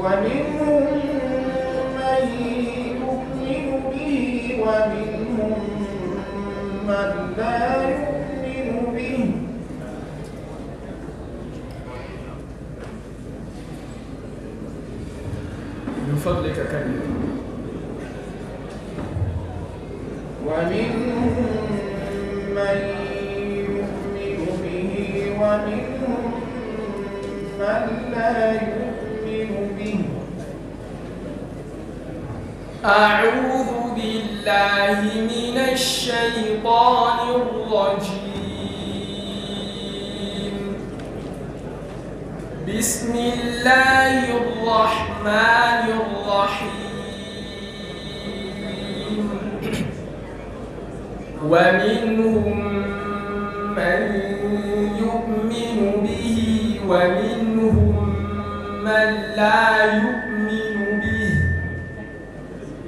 ومنهم من يؤمن به ومنهم من لا يؤمن به من فضلك كمل ومنهم أعوذ بالله من الشيطان الرجيم بسم الله الرحمن الرحيم ومنهم من يؤمن به ومنهم من لا يؤمن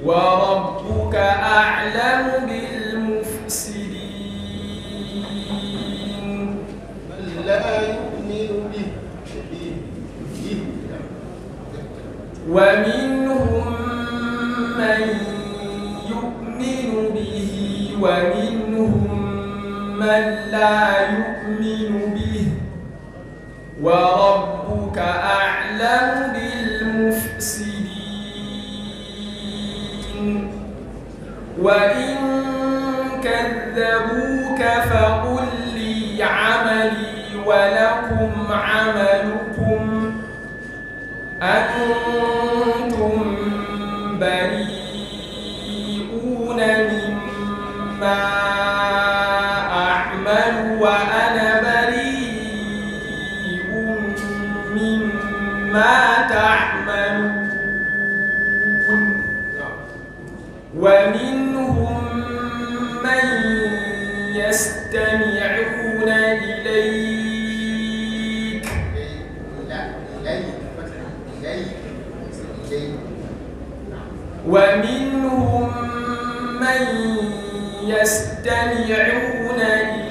وربك أعلم بالمفسدين من لا يؤمن به ومنهم من يؤمن به ومنهم من لا يؤمن به وربك وإن كذبوك فقل لي عملي ولكم عملكم أنتم بريئون مما أعمل وأنا بريء مما تعملون ومن يستمعون إليك ومنهم من يستمعون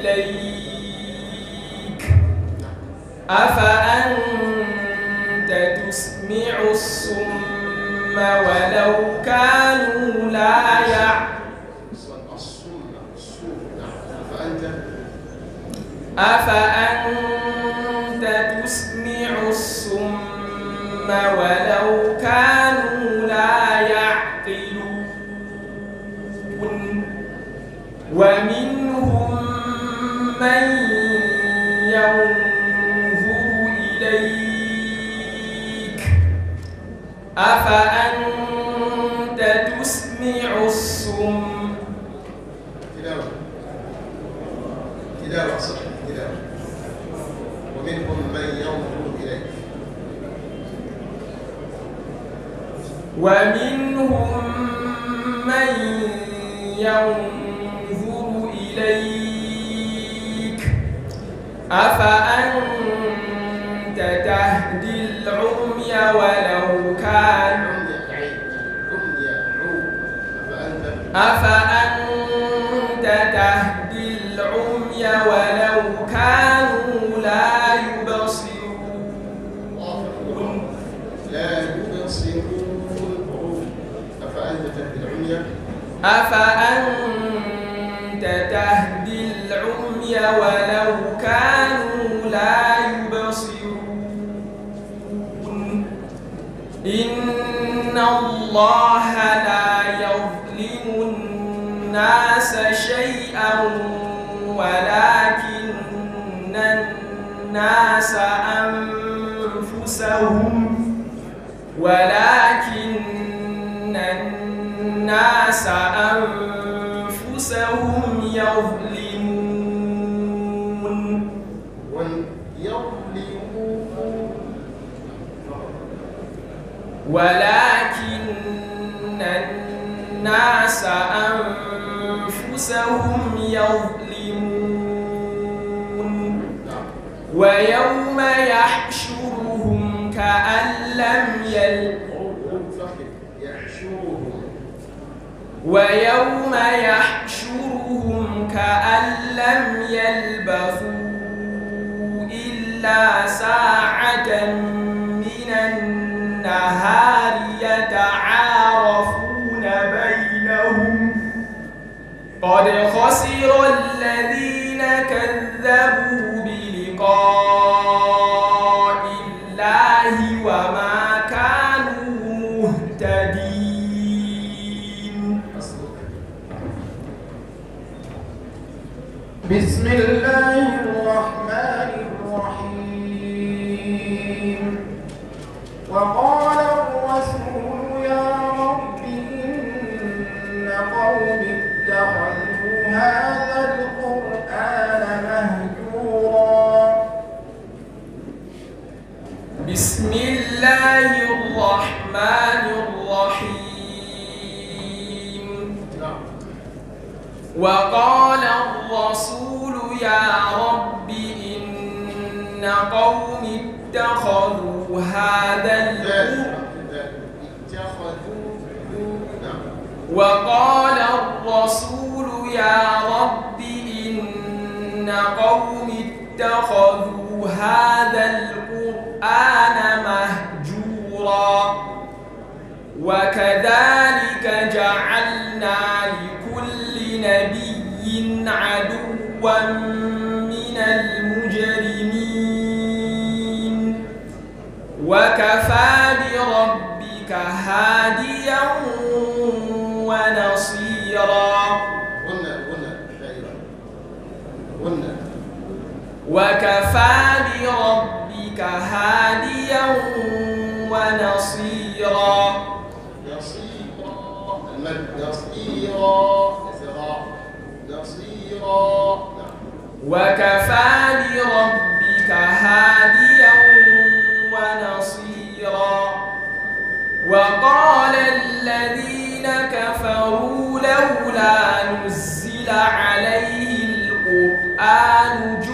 إليك أفأنت تسمع الصم ولو كانوا لا يعلمون أفأنت تسمع الصم ولو كانوا لا يعقلون ومنهم من ينظر إليك أفأنت تسمع الصم الكتاب ومنهم من ينظر إليك ومنهم من ينظر إليك أفأنت تهدي العمي ولو كانوا أفأنت أفأنت تهدي العمي ولو كانوا لا يبصرون إن الله لا يظلم الناس شيئا ولكن الناس أنفسهم ولكن الناس أنفسهم يظلمون ولكن الناس أنفسهم يظلمون ويوم يحشرهم كأن لم يلقوا يحشرهم ويوم يحشرهم كأن لم يلبثوا إلا ساعة من النهار يتعارفون بينهم قد خسر الذين كذبوا بلقاء بسم الله الرحمن الرحيم وقال الرسول يا رب إن قوم اتخذوا هذا القرآن وقال يا رب إن قوم اتخذوا هذا القرآن مهجورا وكذلك جعلنا لكل نبي عدوا من المجرمين وكفى بربك هاديا ونصيرا وكفى بربك هاديا ونصيرا وكفى بربك هاديا ونصيرا وقال الذين كفروا لولا نزل عليه القرآن جمعا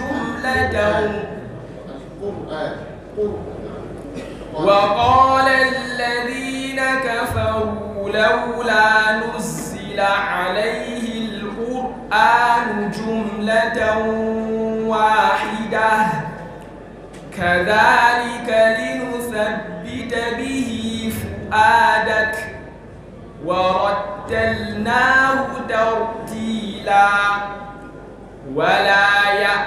وقال الذين كفروا لولا نزل عليه القرآن جملة واحدة كذلك لنثبت به فؤادك ورتلناه ترتيلا ولا يأ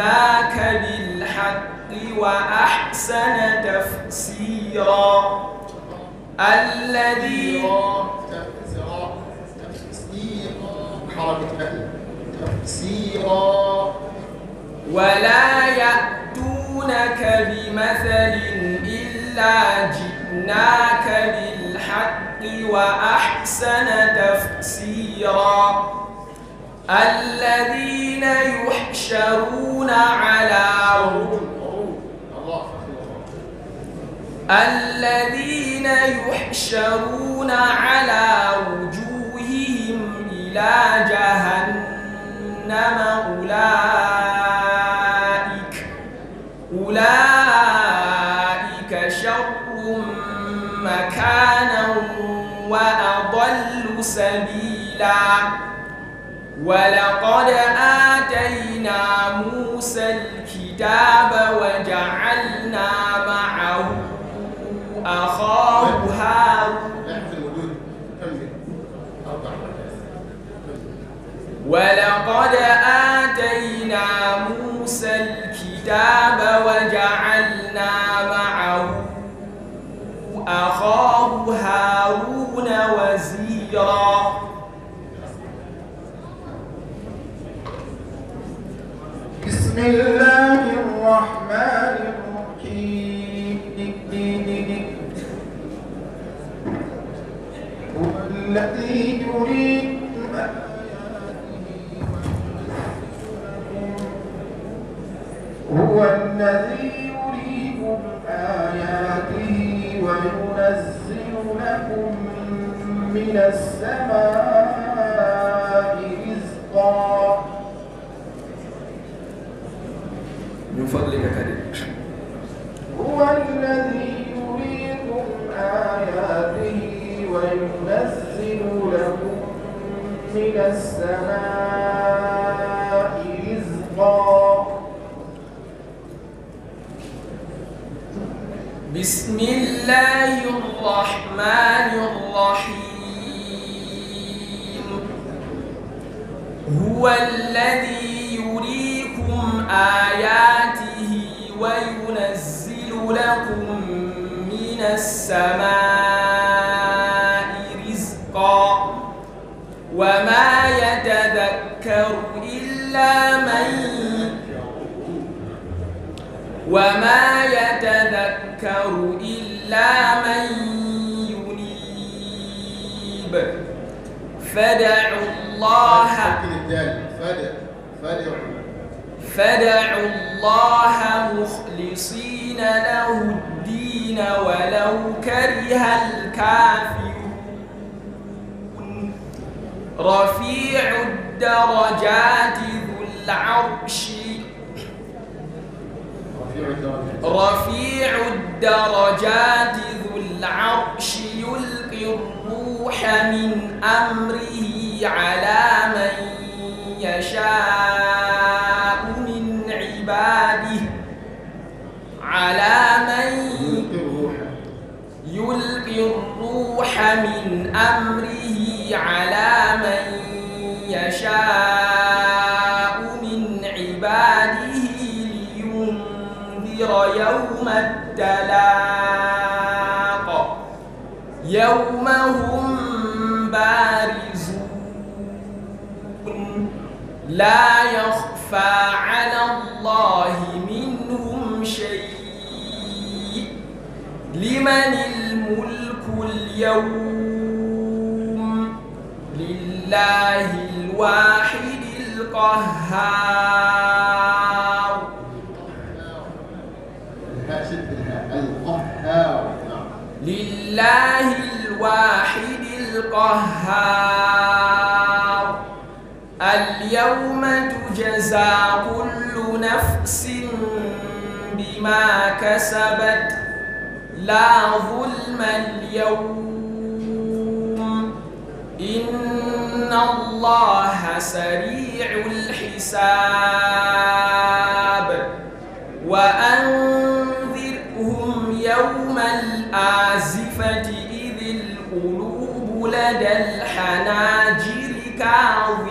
جئناك بالحق وأحسن تفسيرا الذي حركة تفسيرا ولا يأتونك بمثل إلا جئناك بالحق وأحسن تفسيرا الذين يحشرون على الذين يحشرون على وجوههم إلى جهنم أولئك أولئك شر مكانا وأضل سبيلا ولقد آتينا موسى الكتاب وجعلنا معه أخاه هارون ولقد الله الرحمن الرحيم هو الذي يريكم آياته وينزل لكم من السماء من فضلك كريم هو الذي يريكم آياته وينزل لكم من السماء رزقا بسم الله الرحمن الرحيم هو الذي السماء رزقا وما يتذكر إلا من وما يتذكر إلا من ينيب فدعوا الله فدعوا الله مخلصين له الدين ولو كره الكافرون رفيع الدرجات ذو العرش رفيع الدرجات ذو العرش يلقي الروح من أمره على من يشاء من عباده على من يلقي الروح من أمره على من يشاء من عباده لينذر يوم التلاق يوم هم بارزون لا يخفى على الله منهم شيء لمن اليوم لله الواحد القهار لله الواحد القهار اليوم تجزى كل نفس بما كسبت لا ظلم اليوم الله سريع الحساب وأنذرهم يوم الآزفة إذ القلوب لدى الحناجر كاظمة